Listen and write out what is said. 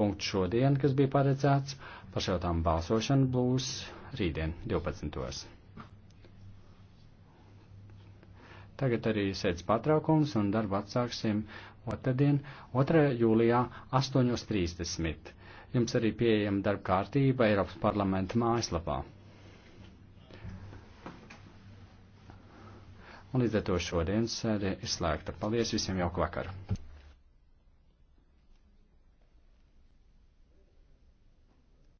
punkts šodien, kas bija paredzēts, par šo tām balsošanu būs rītdien, 12. Tagad arī sēdz patraukums un darbu atsāksim otrdien, 2. jūlijā 8.30. Jums arī pieejama darba kārtība Eiropas parlamenta mājaslapā. Un līdz ar to šodien sēde ir slēgta. Paldies visiem jauku vakaru!